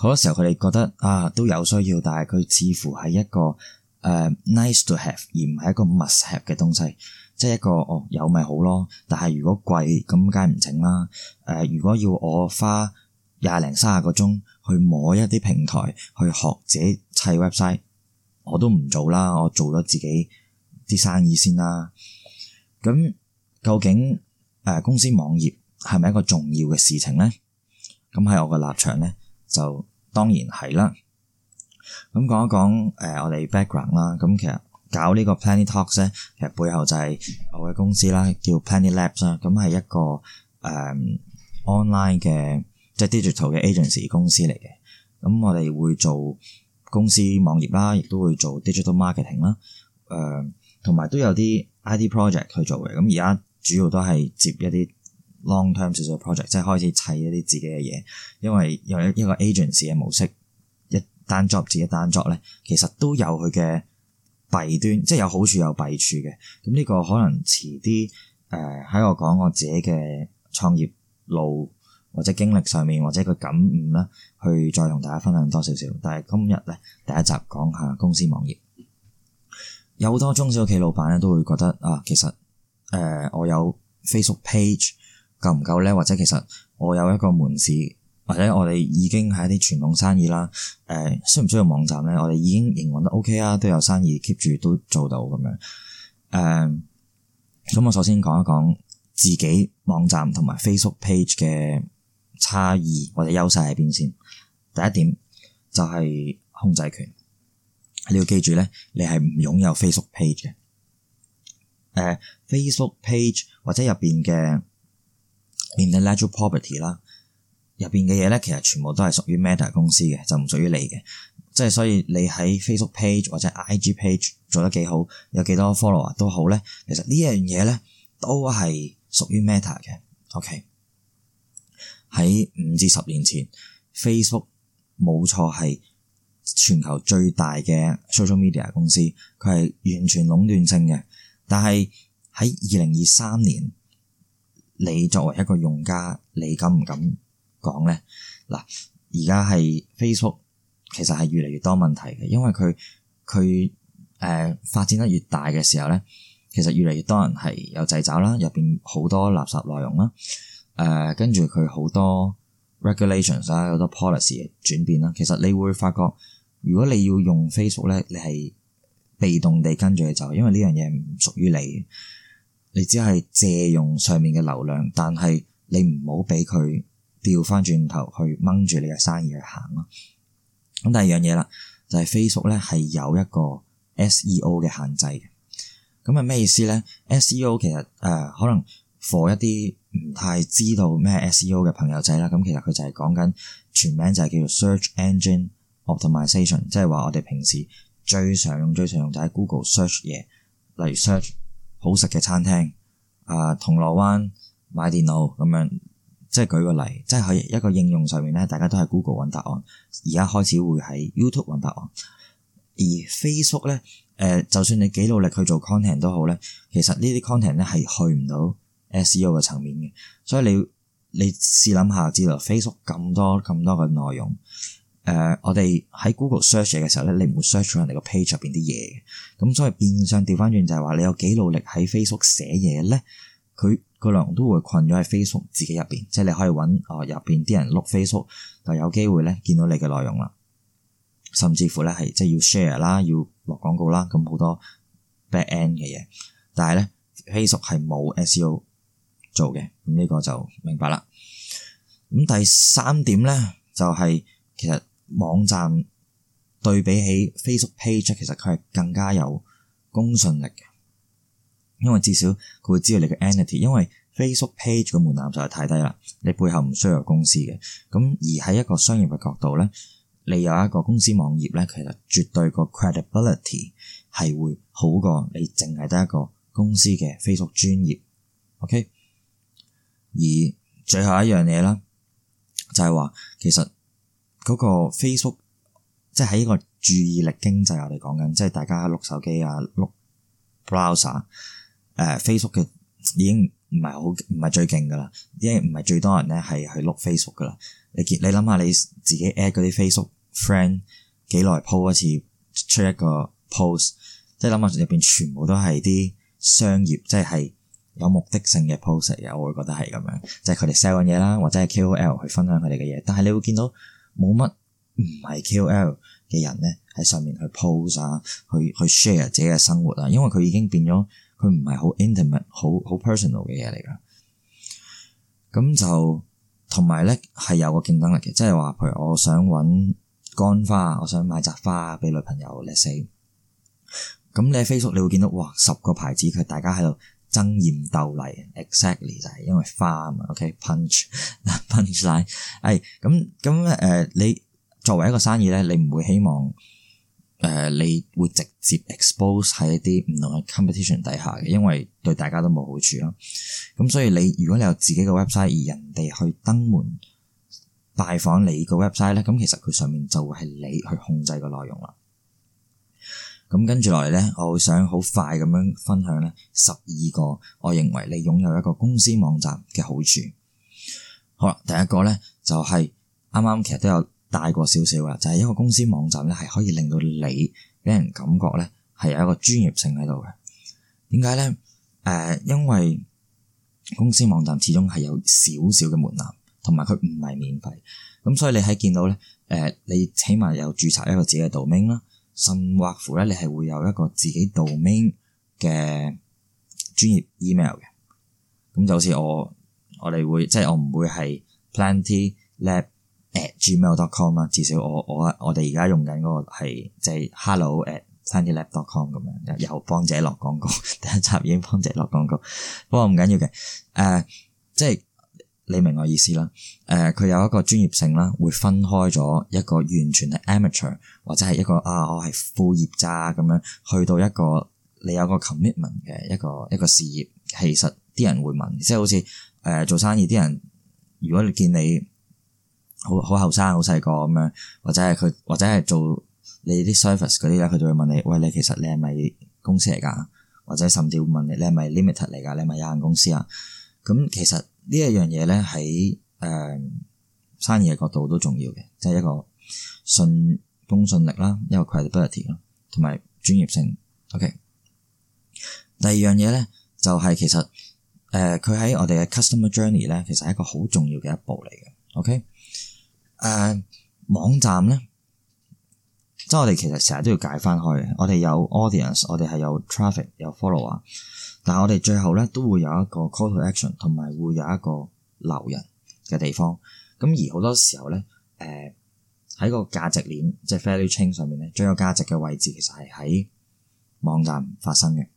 好多時候佢哋覺得啊，都有需要，但係佢似乎係一個誒、呃、nice to have 而唔係一個 must have 嘅東西，即係一個哦有咪好咯。但係如果貴咁，梗係唔整啦。誒、呃，如果要我花廿零三十個鐘去摸一啲平台，去學自己砌 website，我都唔做啦。我做咗自己啲生意先啦。咁究竟誒、呃、公司網頁係咪一個重要嘅事情咧？咁係我嘅立場咧，就當然係啦。咁講一講誒、呃，我哋 background 啦。咁其實搞呢個 Planty Talks 咧，其實背後就係我嘅公司啦，叫 Planty Labs 啦。咁係一個誒、呃、online 嘅即係 digital 嘅 agency 公司嚟嘅。咁我哋會做公司網頁啦，亦都會做 digital marketing 啦。誒、呃，同埋都有啲 ID project 去做嘅。咁而家主要都係接一啲。long term 少少 project 即係開始砌一啲自己嘅嘢，因為有一一個 agency 嘅模式，一單 job 自己單 job 咧，其實都有佢嘅弊端，即係有好處有弊處嘅。咁呢個可能遲啲誒喺我講我自己嘅創業路或者經歷上面或者個感悟啦，去再同大家分享多少少。但係今日咧第一集講下公司網頁，有好多中小企老闆咧都會覺得啊，其實誒、呃、我有 Facebook page。夠唔夠呢？或者其實我有一個門市，或者我哋已經喺一啲傳統生意啦。誒、呃，需唔需要網站呢？我哋已經營運得 O K 啊，都有生意 keep 住都做到咁樣。誒、呃，咁我首先講一講自己網站同埋 Facebook Page 嘅差異或者優勢喺邊先。第一點就係控制權，你要記住咧，你係唔擁有 Facebook Page 嘅。誒、呃，Facebook Page 或者入邊嘅。larger property 啦，入邊嘅嘢咧，其實全部都係屬於 Meta 公司嘅，就唔屬於你嘅。即係所以你喺 Facebook page 或者 IG page 做得幾好，有幾多 follower 都好咧，其實呢樣嘢咧都係屬於 Meta 嘅。OK，喺五至十年前，Facebook 冇錯係全球最大嘅 social media 公司，佢係完全壟斷性嘅。但係喺二零二三年，你作為一個用家，你敢唔敢講呢？嗱，而家係 Facebook 其實係越嚟越多問題嘅，因為佢佢誒發展得越大嘅時候呢，其實越嚟越多人係有掣肘啦，入邊好多垃圾內容啦，誒跟住佢好多 regulations 啦，好多 policy 轉變啦，其實你會發覺，如果你要用 Facebook 呢，你係被動地跟住佢走，因為呢樣嘢唔屬於你。你只係借用上面嘅流量，但係你唔好俾佢調翻轉頭去掹住你嘅生意去行咯。咁第二樣嘢啦，就係、係、Facebook 咧係有一個 SEO 嘅限制嘅。咁係咩意思咧？SEO 其實誒、呃、可能 for 一啲唔太知道咩 SEO 嘅朋友仔啦。咁其實佢就係講緊全名就係叫做 Search Engine Optimization，即係話我哋平時最常用、最常用就喺 Google Search 嘢，例如 Search 好食嘅餐廳，啊銅鑼灣買電腦咁樣，即係舉個例，即係喺一個應用上面咧，大家都係 Google 揾答案，而家開始會喺 YouTube 揾答案，而 Facebook 咧，誒就算你幾努力去做 content 都好咧，其實呢啲 content 咧係去唔到 SEO 嘅層面嘅，所以你你試諗下知道 Facebook 咁多咁多嘅內容。誒，uh, 我哋喺 Google search 嘢嘅時候咧，你唔會 search 到人哋個 page 入邊啲嘢嘅，咁所以變相調翻轉就係話你有幾努力喺 Facebook 寫嘢咧，佢個內容都會困咗喺 Facebook 自己入邊，即係你可以搵啊入邊啲人碌 Facebook，就有機會咧見到你嘅內容啦，甚至乎咧係即係要 share 啦，要落廣告啦，咁好多 back end 嘅嘢，但係咧 Facebook 係冇 SEO 做嘅，咁呢個就明白啦。咁第三點咧就係、是、其實。網站對比起 Facebook page，其實佢係更加有公信力嘅，因為至少佢會知道你嘅 entity。因為 Facebook page 嘅門檻就係太低啦，你背後唔需要有公司嘅。咁而喺一個商業嘅角度呢，你有一個公司網頁呢，其實絕對個 credibility 係會好過你淨係得一個公司嘅 Facebook 專頁。OK，而最後一樣嘢啦，就係話其實。嗰個 Facebook 即係喺呢個注意力經濟，我哋講緊，即係大家碌手機啊、碌 browser，uh, Facebook 嘅已經唔係好唔係最勁噶啦，已經唔係最多人咧係去碌 Facebook 噶啦。你見你諗下你自己 at 嗰啲 Facebook friend 幾耐 po 一次出一個 post，即係諗下入邊全部都係啲商業，即係係有目的性嘅 post 嚟嘅，我會覺得係咁樣，即係佢哋 sell 緊嘢啦，或者係 KOL 去分享佢哋嘅嘢，但係你會見到。冇乜唔係 KOL 嘅人咧，喺上面去 pose 啊，去去 share 自己嘅生活啊，因為佢已經變咗，佢唔係好 intimate 好好 personal 嘅嘢嚟噶。咁就同埋咧係有個競爭力嘅，即係話譬如我想揾乾花，我想買扎花俾女朋友 let's say，咁你喺 Facebook 你會見到哇十個牌子佢大家喺度。爭艷鬥麗，exactly 就、right, 係因為花啊嘛，OK，punch punch line，誒、哎，咁咁誒，你作為一個生意咧，你唔會希望誒、嗯，你會直接 expose 喺一啲唔同嘅 competition 底下嘅，因為對大家都冇好處咯。咁、嗯、所以你如果你有自己嘅 website，而人哋去登門拜訪你個 website 咧，咁、嗯、其實佢上面就會係你去控制個內容啦。咁跟住落嚟咧，我會想好快咁樣分享咧十二個，我認為你擁有一個公司網站嘅好處。好啦，第一個咧就係啱啱其實都有帶過少少噶，就係、是、一個公司網站咧，係可以令到你俾人感覺咧係有一個專業性喺度嘅。點解咧？誒、呃，因為公司網站始終係有少少嘅門檻，同埋佢唔係免費，咁所以你喺見到咧，誒、呃，你起碼有註冊一個自己嘅 domain 啦。甚或乎咧，你係會有一個自己 domain 嘅專業 email 嘅，咁就好似我我哋會，即係我唔會係 plantylab@gmail.com at dot 啦，com，至少我我我哋而家用緊個係，即、就、係、是、hello@plantylab.com at dot 咁樣，又幫者落廣告，第一集已經幫者落廣告，不過唔緊要嘅，誒、呃，即係。你明我意思啦？誒、呃，佢有一個專業性啦，會分開咗一個完全係 amateur 或者係一個啊，我係副業咋咁樣，去到一個你有個 commitment 嘅一個一個一個事業。其實啲人會問，即係好似誒、呃，做生意啲人，如果你見你好好後生好細個咁樣，或者係佢或者係做你啲 service 嗰啲咧，佢就會問你：喂，你其實你係咪公司嚟㗎？或者甚至會問你你係咪 limited 嚟㗎？你係咪有限公司呀？咁其實。呢一樣嘢咧，喺誒生意嘅角度都重要嘅，即係一個信公信力啦，一個 credibility 咯，同埋專業性。OK。第二樣嘢咧，就係其實誒佢喺我哋嘅 customer journey 咧，其實係一個好重要嘅一步嚟嘅。OK、呃。誒網站咧，即係我哋其實成日都要解翻開嘅。我哋有 audience，我哋係有 traffic，有 follow 啊。但係我哋最後咧都會有一個 call to action，同埋會有一個留人嘅地方。咁而好多時候咧，誒、呃、喺個價值鏈即係 value chain 上面咧，最有價值嘅位置其實係喺網站發生嘅，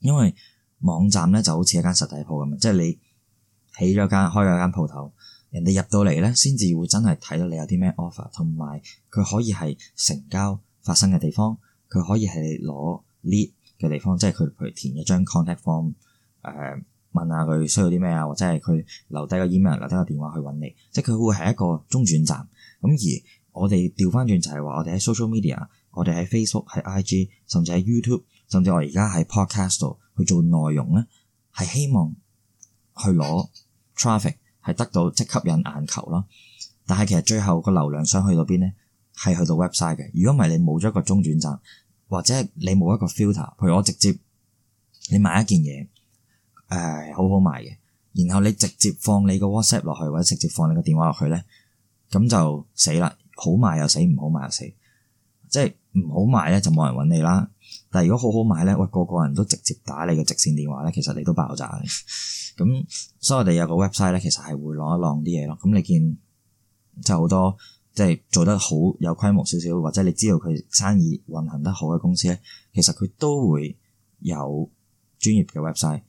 因為網站咧就好似一間實體鋪咁啊，即係你起咗間開咗間鋪頭，人哋入到嚟咧先至會真係睇到你有啲咩 offer，同埋佢可以係成交發生嘅地方，佢可以係攞 lead。嘅地方，即係佢譬如填一張 contact form，誒問下佢需要啲咩啊，或者係佢留低個 email、留低個電話去揾你，即係佢會係一個中轉站。咁而我哋調返轉就係話，我哋喺 social media，我哋喺 Facebook、喺 IG，甚至喺 YouTube，甚至我而家喺 podcast 度去做內容呢，係希望去攞 traffic，係得到即吸引眼球咯。但係其實最後個流量想去到邊呢？係去到 website 嘅。如果唔係你冇咗一個中轉站。或者你冇一個 filter，譬如我直接你賣一件嘢，誒好好賣嘅，然後你直接放你個 WhatsApp 落去，或者直接放你個電話落去咧，咁就死啦，好賣又死，唔好賣又死，即係唔好賣咧就冇人揾你啦，但係如果好好賣咧，喂、哎、個個人都直接打你個直線電話咧，其實你都爆炸嘅，咁 所以我哋有個 website 咧，其實係會晾一晾啲嘢咯，咁你見即係好多。即係做得好有規模少少，或者你知道佢生意運行得好嘅公司咧，其實佢都會有專業嘅 website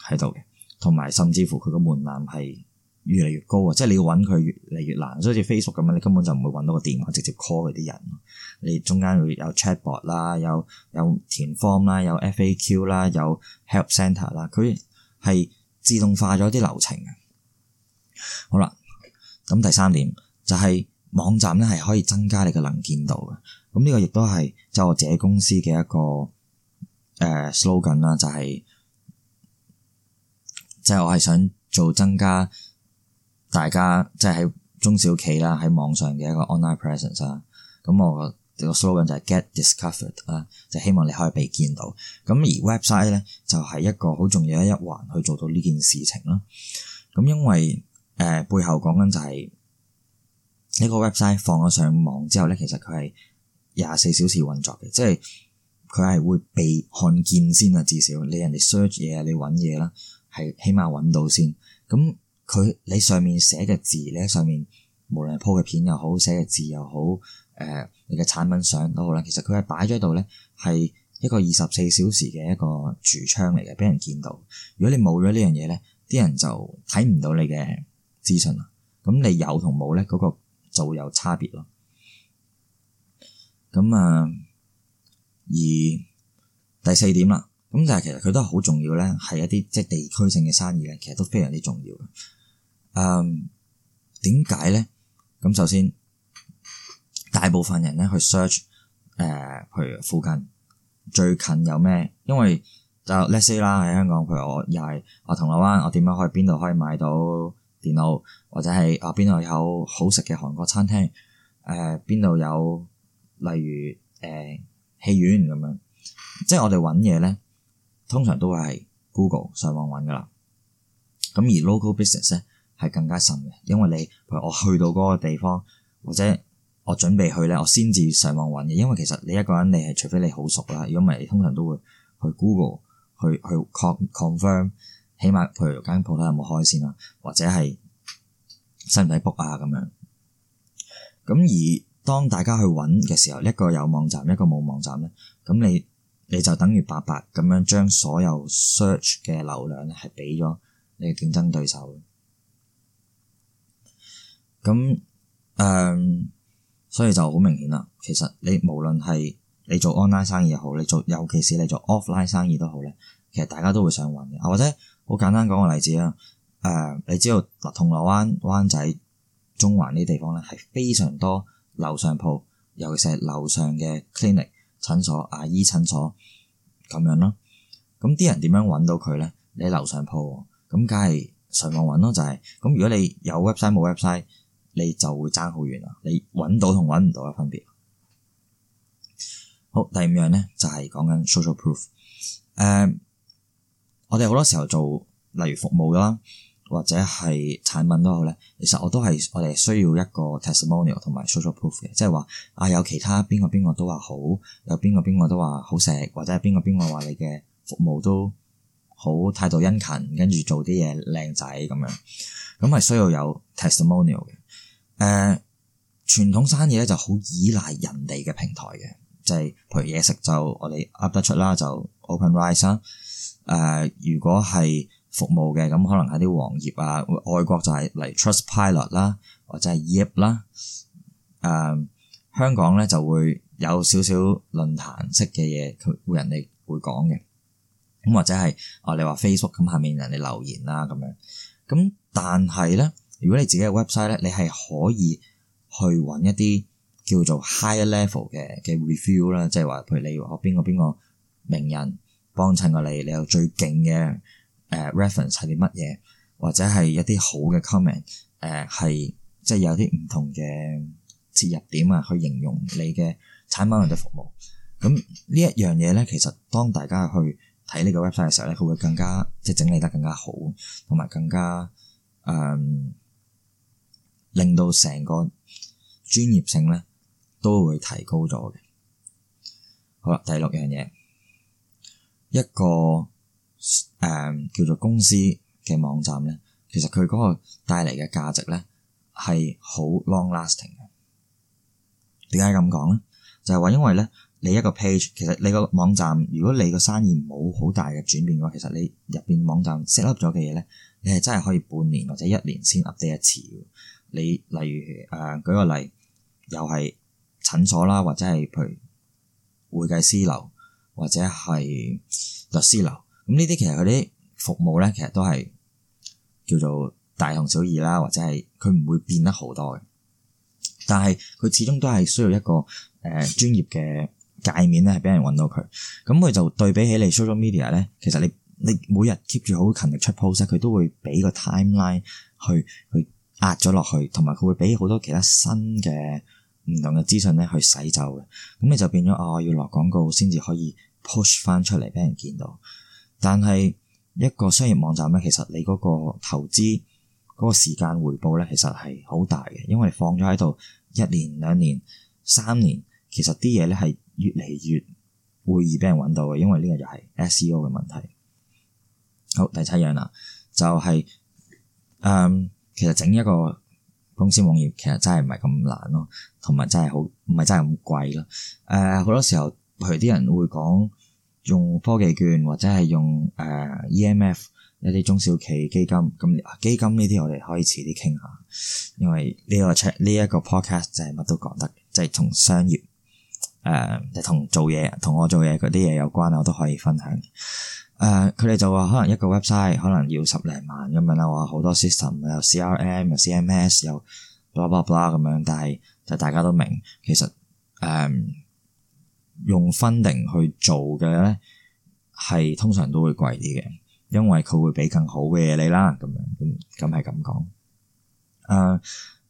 喺度嘅，同埋甚至乎佢個門檻係越嚟越高啊！即係你要揾佢越嚟越難，所以好似 Facebook 咁樣，你根本就唔會揾到個電話直接 call 佢啲人，你中間會有 chatbot 啦，有有填 form 啦，有 FAQ 啦，有 help center 啦，佢係自動化咗啲流程啊！好啦，咁第三點就係、是。網站咧係可以增加你嘅能見度嘅，咁呢個亦都係就我自己公司嘅一個誒、呃、slogan 啦、就係，就係即係我係想做增加大家即係喺中小企啦喺網上嘅一個 online presence 啦，咁我個 slogan 就係 get discovered 啦，就希望你可以被見到，咁而 website 咧就係、係、一個好重要嘅一環去做到呢件事情啦，咁因為誒、呃、背後講緊就係、係。呢個 website 放咗上網之後咧，其實佢係廿四小時運作嘅，即係佢係會被看見先啊，至少你人哋 search 嘢啊，你揾嘢啦，係起碼揾到先。咁佢你上面寫嘅字呢，你上面無論 po 嘅片又好，寫嘅字又好，誒、呃、你嘅產品相都好啦，其實佢係擺咗喺度咧，係一個二十四小時嘅一個櫥窗嚟嘅，俾人見到。如果你冇咗呢樣嘢咧，啲人就睇唔到你嘅資訊啦。咁你有同冇咧嗰個，就有差別咯。咁啊，而第四點啦，咁就係其實佢都好重要咧，係一啲即係地區性嘅生意咧，其實都非常之重要嘅。嗯，點解咧？咁首先，大部分人咧去 search，誒、呃，譬如附近最近有咩？因為就 let’s say 啦，喺香港，譬如我又係我銅鑼灣，我點樣去邊度可以買到？電腦或者係啊邊度有好食嘅韓國餐廳？誒邊度有例如誒、呃、戲院咁樣？即係我哋揾嘢咧，通常都會係 Google 上網揾噶啦。咁而 local business 咧係更加甚嘅，因為你譬如我去到嗰個地方，或者我準備去咧，我先至上網揾嘅。因為其實你一個人你係除非你好熟啦，如果唔係，你通常都會去 Google 去去 confirm。起碼，譬如間鋪頭有冇開先啦，或者係使唔使 book 啊咁樣。咁而當大家去揾嘅時候，一個有網站，一個冇網站咧，咁你你就等於白白咁樣將所有 search 嘅流量咧，係俾咗你嘅競爭對手。咁誒、呃，所以就好明顯啦。其實你無論係你做 online 生意又好，你做尤其是你做 offline 生意都好咧，其實大家都會想揾嘅，或者。好簡單講個例子啊！誒、呃，你知道嗱，銅鑼灣、灣仔、中環呢啲地方咧，係非常多樓上鋪，尤其是樓上嘅 clinic 診所、牙醫診所咁樣咯。咁啲人點樣揾到佢咧？你樓上鋪，咁梗係上網揾咯，就係、是、咁。如果你有 website 冇 website，你就會爭好遠啦。你揾到同揾唔到嘅分別。好，第五樣咧就係講緊 social proof，誒、呃。我哋好多時候做，例如服務啦，或者係產品都好咧。其實我都係我哋需要一個 testimonial 同埋 social proof 嘅，即係話啊，有其他邊個邊個都話好，有邊個邊個都話好食，或者有邊個邊個話你嘅服務都好態度殷勤，跟住做啲嘢靚仔咁樣，咁係需要有 testimonial 嘅。誒、呃，傳統生意咧就好依賴人哋嘅平台嘅，即係譬如嘢食就我哋 up 得出啦，就 OpenRice 啦。誒、呃，如果係服務嘅，咁可能喺啲黃頁啊，外國就係嚟 TrustPilot 啦，Trustpilot，或者係 Yelp 啦、呃。誒，香港咧就會有少少論壇式嘅嘢，佢人哋會講嘅。咁或者係我哋、哦、話 Facebook，咁下面人哋留言啦咁樣。咁但係咧，如果你自己嘅 website 咧，你係可以去揾一啲叫做 higher level 嘅嘅 review 啦，即係話譬如你話邊個邊個名人。幫襯過你，你有最勁嘅誒 reference 係啲乜嘢，或者係一啲好嘅 comment 誒，係即係有啲唔同嘅切入點啊，去形容你嘅產品或者服務。咁呢一樣嘢咧，其實當大家去睇呢個 website 嘅時候咧，佢會更加即係整理得更加好，同埋更加誒、嗯，令到成個專業性咧都會提高咗嘅。好啦，第六樣嘢。一個誒、呃、叫做公司嘅網站咧，其實佢嗰個帶嚟嘅價值咧係好 long lasting 嘅。點解咁講咧？就係、是、話因為咧，你一個 page 其實你個網站，如果你個生意冇好大嘅轉變嘅話，其實你入邊網站 set up 咗嘅嘢咧，你係真係可以半年或者一年先 update 一次嘅。你例如誒、呃、舉個例，又係診所啦，或者係譬如會計師樓。或者係律師樓，咁呢啲其實佢啲服務咧，其實都係叫做大同小異啦，或者係佢唔會變得好多嘅。但係佢始終都係需要一個誒、呃、專業嘅界面咧，係俾人揾到佢。咁佢就對比起你 social media 咧，其實你你每日 keep 住好勤力出 post，佢都會俾個 timeline 去去壓咗落去，同埋佢會俾好多其他新嘅唔同嘅資訊咧去洗走嘅。咁你就變咗，哦，要落廣告先至可以。push 翻出嚟俾人見到，但係一個商業網站咧，其實你嗰個投資嗰個時間回報咧，其實係好大嘅，因為放咗喺度一年、兩年、三年，其實啲嘢咧係越嚟越會易俾人搵到嘅，因為呢個就係 SEO 嘅問題。好，第七樣啦，就係、是、嗯，其實整一個公司網頁其實真係唔係咁難咯，同埋真係好唔係真係咁貴咯。誒、呃，好多時候譬如啲人會講。用科技券或者係用誒、uh, EMF 一啲中小企基金，咁基金呢啲我哋可以遲啲傾下，因為呢、呢個 check 呢一個 podcast 就係乜都講得，即係同商業誒同做嘢，同、uh, 我做嘢嗰啲嘢有關，我都可以分享。誒，佢哋就話可能一個 website 可能要十零萬咁樣啦，話好多 system 有 CRM 又 CMS 有，MS, 有 bl、ah、blah blah blah 咁樣，但係就大家都明其實誒。Um, 用 funding 去做嘅咧，係通常都會貴啲嘅，因為佢會俾更好嘅嘢你啦，咁樣咁咁係咁講。誒、呃，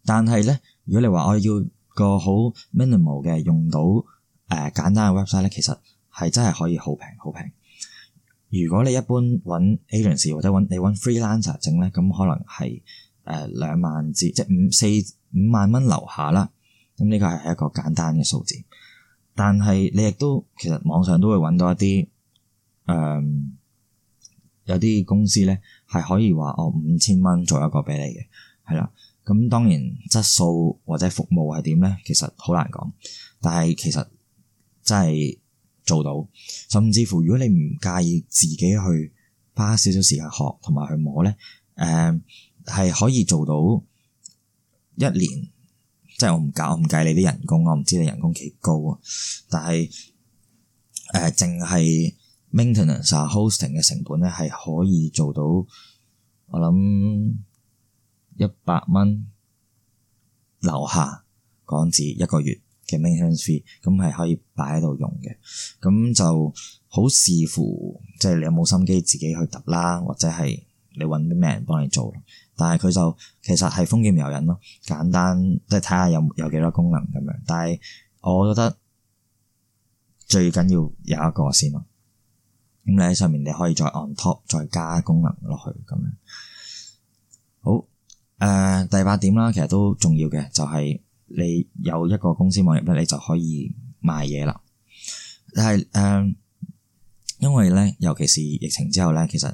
但係咧，如果你話我要個好 minimal 嘅，用到誒、呃、簡單嘅 website 咧，其實係真係可以好平好平。如果你一般揾 agency 或者揾你揾 freelancer 整咧，咁可能係誒兩萬至即係五四五萬蚊樓下啦。咁呢個係一個簡單嘅數字。但係你亦都其實網上都會揾到一啲誒、嗯、有啲公司呢係可以話哦五千蚊做一個畀你嘅係啦，咁當然質素或者服務係點呢？其實好難講。但係其實真係做到，甚至乎如果你唔介意自己去花少少時間學同埋去摸呢，誒、嗯、係可以做到一年。即係我唔搞，我唔計你啲人工，我唔知你人工幾高啊。但係誒，淨、呃、係 maintenance 啊、hosting 嘅成本咧，係可以做到我諗一百蚊樓下港紙一個月嘅 maintenance fee，咁係可以擺喺度用嘅。咁就好視乎，即係你有冇心機自己去揼啦，或者係。你揾啲咩人幫你做？但係佢就其實係豐儉由人咯，簡單即係睇下有有幾多功能咁樣。但係我覺得最緊要有一個先咯。咁你喺上面你可以再 on top 再加功能落去咁樣。好，誒、呃、第八點啦，其實都重要嘅，就係、是、你有一個公司網頁咧，你就可以賣嘢啦。係誒、呃，因為咧，尤其是疫情之後咧，其實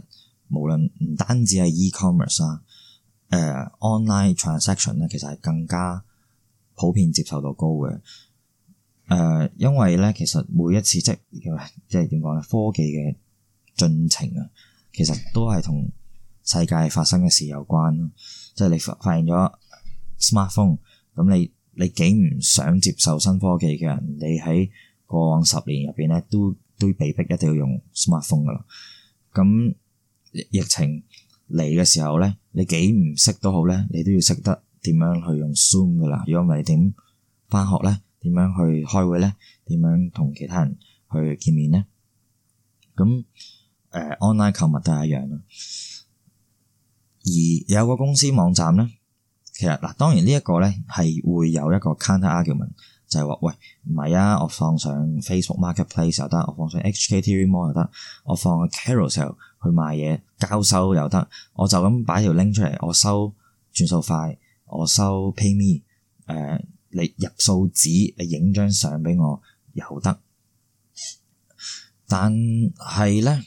無論唔單止係 e-commerce 啊，誒、uh, online transaction 咧，其實係更加普遍接受度高嘅，誒、uh，因為咧，其實每一次即係即係點講咧，科技嘅進程啊，其實都係同世界發生嘅事有關咯。即係你發發現咗 smartphone，咁你你幾唔想接受新科技嘅人，你喺過往十年入邊咧，都都被逼一定要用 smartphone 噶啦，咁。疫情嚟嘅時候咧，你幾唔識都好咧，你都要識得點樣去用 Zoom 噶啦，如果唔係你點返學咧，點樣去開會咧，點樣同其他人去見面咧？咁誒、呃、online 購物都係一樣啦。而有個公司網站咧，其實嗱，當然呢一個咧係會有一個 counter argument，就係話喂，唔係啊，我放上 Facebook Marketplace 又得，我放上 HKTV Mall 又得，我放喺 Carousell 去買嘢交收又得，我就咁擺條 link 出嚟，我收轉數快，我收 pay me，誒、呃、你入數紙，你影張相俾我又得。但係咧，誒、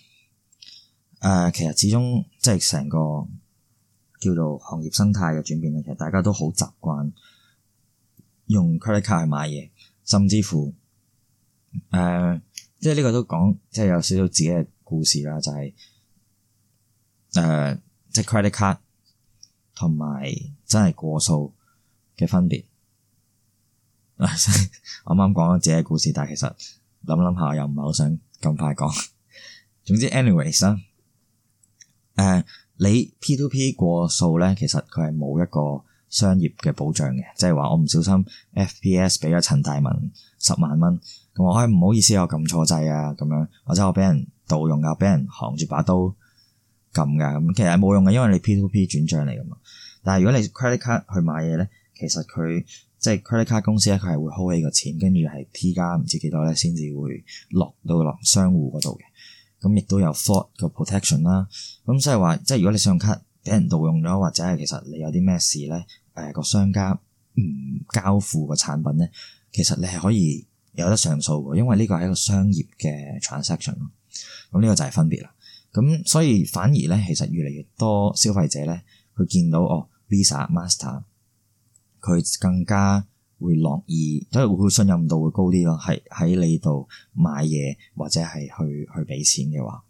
呃、其實始終即係成個叫做行業生態嘅轉變咧，其實大家都好習慣用 credit card 去買嘢，甚至乎誒、呃、即係呢個都講，即係有少少自己嘅故事啦，就係、是。誒，uh, 即係 credit card 同埋真係過數嘅分別。 我啱啱講咗自己嘅故事，但係其實諗諗下又唔係好想咁快講。 總之，anyways 啦，誒，你 P two P 過數咧，其實佢係冇一個商業嘅保障嘅，即係話我唔小心 F P S 俾咗陳大文十萬蚊，咁我哎唔好意思，我撳錯掣啊，咁樣或者我俾人盜用啊，俾人扛住把刀。撳㗎，咁其實係冇用嘅，因為你 P2P 轉賬嚟㗎嘛。但係如果你 credit card 去買嘢咧，其實佢即係 credit card 公司咧，佢係會 hold 起個錢，跟住係 T 加唔知幾多咧，先至會落到落商戶嗰度嘅。咁亦都有 fault 個 protection 啦。咁所以話，即係如果你信用卡俾人盜用咗，或者係其實你有啲咩事咧，誒、呃、個商家唔交付個產品咧，其實你係可以有得上訴嘅，因為呢個係一個商業嘅 transaction 咯。咁呢個就係分別啦。咁所以反而咧，其實越嚟越多消費者咧，佢見到哦、oh，Visa、Master，佢更加會樂意，即係會信任度會高啲咯。係喺你度買嘢或者係去去俾錢嘅話，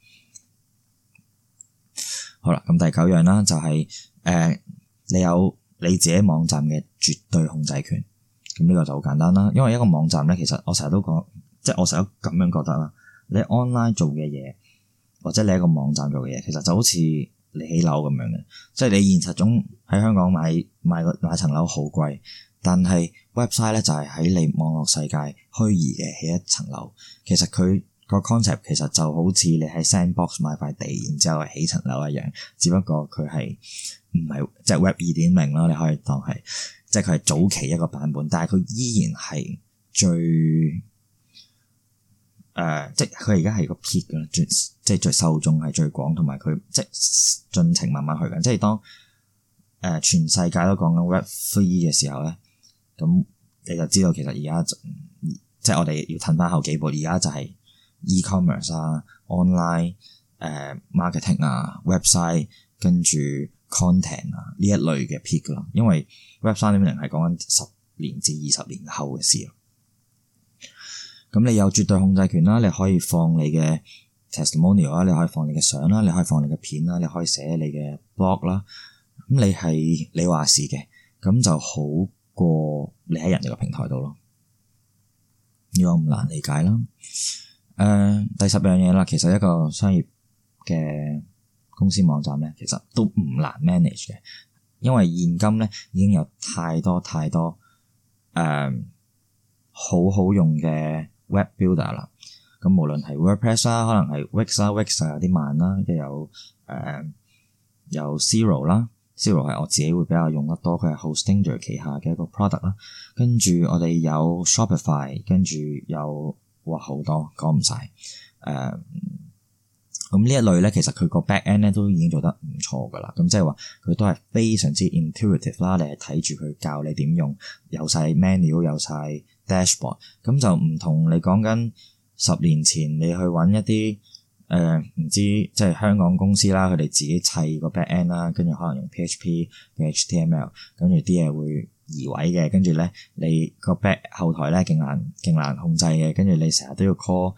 好啦，咁第九樣啦，就係、是、誒、呃、你有你自己網站嘅絕對控制權。咁呢個就好簡單啦，因為一個網站咧，其實我成日都講，即係我成日都咁樣覺得啦，你 online 做嘅嘢。或者你一個網站做嘅嘢，其實就好似你起樓咁樣嘅，即係你現實中喺香港買買個買層樓好貴，但係 website 咧就係喺你網絡世界虛擬嘅起一層樓。其實佢個 concept 其實就好似你喺 Sandbox 買塊地，然之後起層樓一樣，只不過佢係唔係即係 Web 2.0咯？你可以當係即係佢係早期一個版本，但係佢依然係最。誒、呃，即係佢而家係個 pick 㗎啦，即係最受眾係最廣，同埋佢即係進程慢慢去緊。即係當誒、呃、全世界都講緊 Web Three 嘅時候咧，咁你就知道其實而家即係我哋要褪翻後幾步。而家就係 e-commerce 啊、online 誒、呃、marketing 啊、website 跟住 content 啊呢一類嘅 pick 㗎。因為 Web 三點零係講緊十年至二十年後嘅事咯。咁你有絕對控制權啦，你可以放你嘅 testimonial 啦，你可以放你嘅相啦，你可以放你嘅片啦，你可以寫你嘅 blog 啦。咁你係你話事嘅，咁就好過你喺人哋個平台度咯。呢個唔難理解啦。誒、呃，第十樣嘢啦，其實一個商業嘅公司網站咧，其實都唔難 manage 嘅，因為現今咧已經有太多太多誒、呃、好好用嘅。Web builder 啦，咁無論係 WordPress 啦，可能係 Wix 啦，Wix 有啲慢啦，亦有誒、呃、有 Zero 啦，Zero 係我自己會比較用得多，佢係 Hostinger 旗下嘅一個 product 啦。跟住我哋有 Shopify，跟住有嘩，好多講唔晒。誒。咁、呃、呢一類咧，其實佢個 back end 咧都已經做得唔錯噶啦。咁即係話佢都係非常之 intuitive 啦，你係睇住佢教你點用，有晒 manual，有晒。Dashboard 咁就唔同你講緊十年前你去揾一啲誒唔知即係香港公司啦，佢哋自己砌個 back end 啦，跟住可能用 PHP 嘅 HTML，跟住啲嘢會移位嘅，跟住咧你個 back 後台咧勁難勁難控制嘅，跟住你成日都要 call 誒、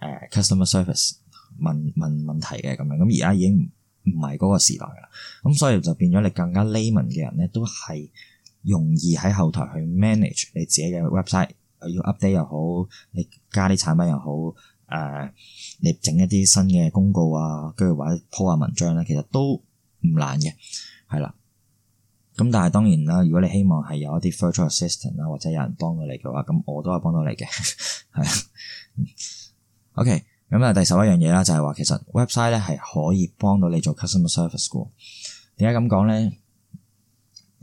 呃、customer service 問問問題嘅咁樣，咁而家已經唔係嗰個時代啦，咁所以就變咗你更加 layman 嘅人咧都係。容易喺後台去 manage 你自己嘅 website，要 update 又好，你加啲產品又好，誒、呃，你整一啲新嘅公告啊，跟住或者 po 下文章咧，啊，其實都唔難嘅，係啦。咁但係當然啦，如果你希望係有一啲 virtual assistant 啊，或者有人幫到你嘅話，咁我都係幫到你嘅，係 OK，咁、嗯、啊，第十一樣嘢啦，就係話其實 website 咧係可以幫到你做 customer service 嘅。點解咁講咧？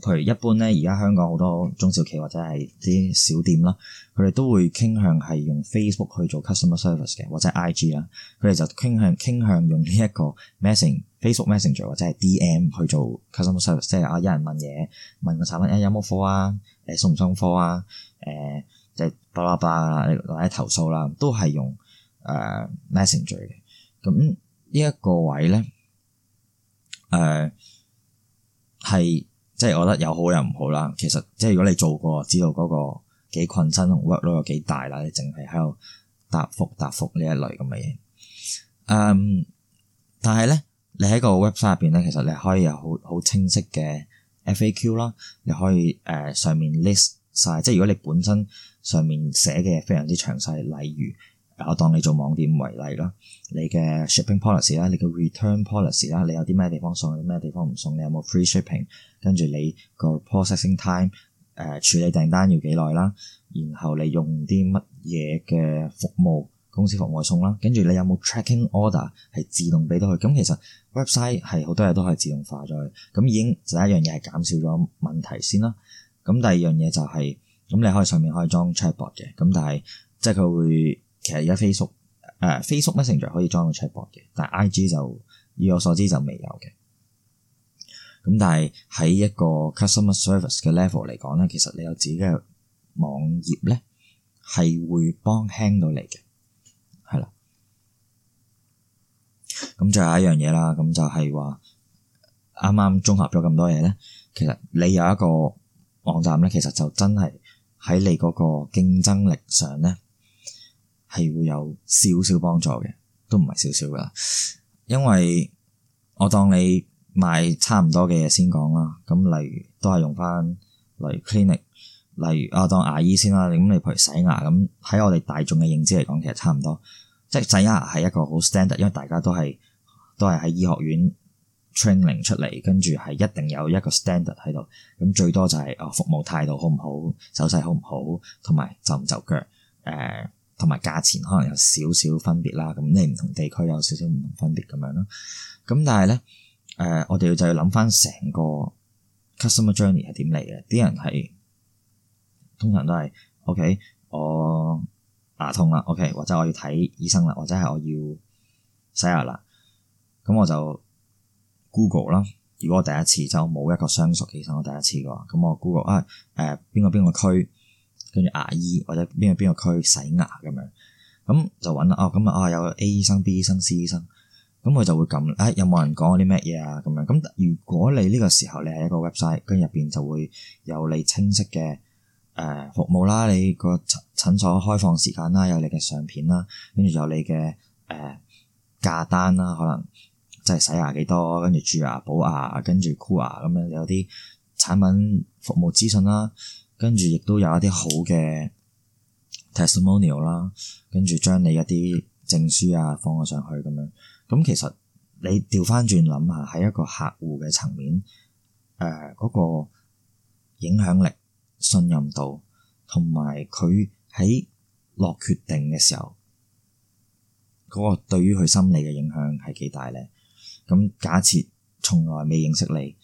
譬如一般咧，而家香港好多中小企或者係啲小店啦，佢哋都會傾向係用 Facebook 去做 customer service 嘅，或者 IG 啦，佢哋就傾向傾向用呢一個 Messaging、Facebook Messenger 或者係 DM 去做 customer service，即係啊有人問嘢，問個產品有冇貨啊，誒、呃、送唔送貨啊，誒即係巴拉巴，或者投訴啦，都係用誒 Messenger 嘅。咁呢一個位咧，誒、呃、係。即係我覺得有好有唔好啦，其實即係如果你做過，知道嗰個幾困身 workload 又幾大啦，你淨係喺度答覆答覆呢一類咁嘅嘢。嗯，但係咧，你喺個 website 入邊咧，其實你可以有好好清晰嘅 FAQ 啦，你可以誒、uh, 上面 list 晒。即係如果你本身上面寫嘅非常之詳細，例如。我當你做網店為例啦，你嘅 shipping policy 啦，你嘅 return policy 啦，你有啲咩地方送，有啲咩地方唔送，你有冇 free shipping？跟住你個 processing time，誒、呃、處理訂單要幾耐啦？然後你用啲乜嘢嘅服務公司服務送啦？跟住你有冇 tracking order 係自動俾到佢？咁其實 website 係好多嘢都可以自動化咗，咁已經第一樣嘢係減少咗問題先啦。咁第二樣嘢就係、是、咁你可以上面可以裝 chatbot 嘅，咁但係即係佢會。其實而家、呃、Facebook，誒，Facebook 咧成著可以裝到 checkboard 嘅，但係 IG 就以我所知就未有嘅。咁但係喺一個 customer service 嘅 level 嚟講咧，其實你有自己嘅網頁咧，係會幫輕到你嘅，係啦。咁就有一樣嘢啦，咁就係話，啱啱綜合咗咁多嘢咧，其實你有一個網站咧，其實就真係喺你嗰個競爭力上咧。係會有少少幫助嘅，都唔係少少㗎。因為我當你買差唔多嘅嘢先講啦。咁例如都係用返，例如 clinic，例如啊我當牙醫先啦。咁你譬如洗牙咁，喺我哋大眾嘅認知嚟講，其實差唔多。即係洗牙係一個好 standard，因為大家都係都係喺醫學院 training 出嚟，跟住係一定有一個 standard 喺度。咁最多就係哦服務態度好唔好，手勢好唔好，同埋就唔就腳誒。呃同埋價錢可能有少少分別啦，咁你唔同地區有少少唔同分別咁樣咯。咁但係咧，誒、呃、我哋就要諗翻成個 customer journey 係點嚟嘅？啲人係通常都係，OK，我牙痛啦，OK，或者我要睇醫生啦，或者係我要洗牙啦，咁我就 Google 啦。如果我第一次就冇、是、一個相熟，其實我第一次嘅話，咁我 Google 啊誒邊、呃、個邊個區？跟住牙醫或者邊個邊個區洗牙咁樣，咁就揾啦。哦，咁啊，有 A 醫生、B 醫生、C 醫生，咁佢就會咁。誒、哎，有冇人講啲咩嘢啊？咁樣。咁如果你呢個時候你係一個 website，跟住入邊就會有你清晰嘅誒、呃、服務啦，你個診診所開放時間啦，有你嘅相片啦，跟住有你嘅誒價單啦，可能即係洗牙幾多，跟住蛀牙、補牙，跟住箍牙咁樣，有啲產品服務資訊啦。跟住亦都有一啲好嘅 testimonial 啦，跟住將你一啲證書啊放咗上去咁樣。咁其實你調翻轉諗下，喺一個客戶嘅層面，誒、呃、嗰、嗰個影響力、信任度，同埋佢喺落決定嘅時候，嗰、嗰個對於佢心理嘅影響係幾大咧？咁假設從來未認識你。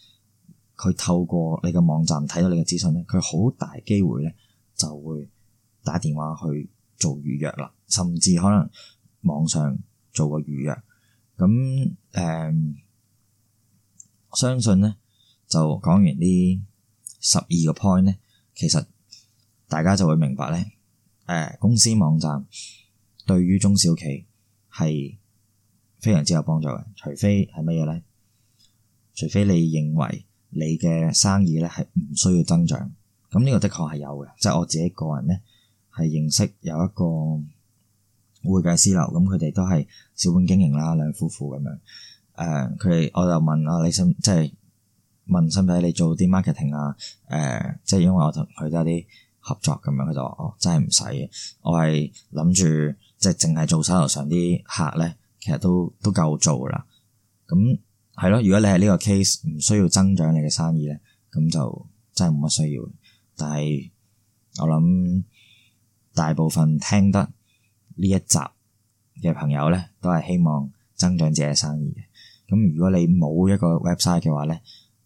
佢透過你嘅網站睇到你嘅資訊咧，佢好大機會咧就會打電話去做預約啦，甚至可能網上做個預約。咁誒，嗯，相信咧就講完呢十二個 point 咧，其實大家就會明白咧，誒公司網站對於中小企係非常之有幫助嘅，除非係乜嘢咧？除非你認為，你嘅生意咧係唔需要增長，咁呢個的確係有嘅，即係我自己一個人咧係認識有一個會計師樓，咁佢哋都係小本經營啦，兩夫婦咁樣。誒、呃，佢哋我就問啊、哦，你想即係問使唔使你做啲 marketing 啊？誒、呃，即係因為我同佢都有啲合作咁樣，佢就話哦，真係唔使，我係諗住即係淨係做手頭上啲客咧，其實都都夠做啦，咁。係咯，如果你係呢個 case 唔需要增長你嘅生意呢，咁就真係冇乜需要。但係我諗大部分聽得呢一集嘅朋友呢，都係希望增長自己嘅生意嘅。咁如果你冇一個 website 嘅話呢，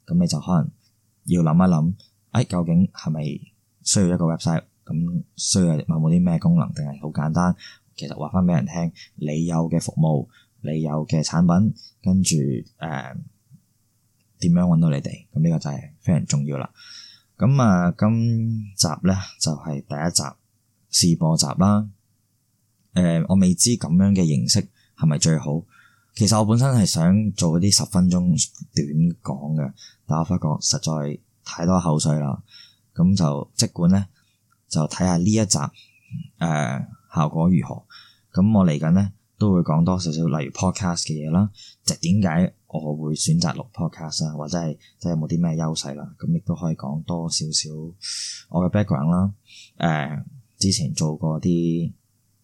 咁你就可能要諗一諗，哎，究竟係咪需要一個 website？咁需要有冇啲咩功能，定係好簡單？其實話翻俾人聽，你有嘅服務。你有嘅產品，跟住誒點樣揾到你哋？咁、這、呢個就係非常重要啦。咁啊，今集咧就係、是、第一集試播集啦。誒、呃，我未知咁樣嘅形式係咪最好？其實我本身係想做啲十分鐘短講嘅，但我發覺實在太多口水啦。咁就即管咧，就睇下呢一集誒、呃、效果如何。咁我嚟緊咧。都會講多少少，例如 podcast 嘅嘢啦，就點解我會選擇錄 podcast 啊，或者係即係有冇啲咩優勢啦，咁亦都可以講多少少我嘅 background 啦，誒、呃、之前做過啲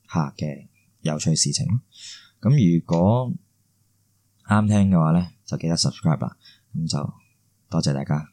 客嘅有趣事情。咁如果啱聽嘅話咧，就記得 subscribe 啦，咁就多謝大家。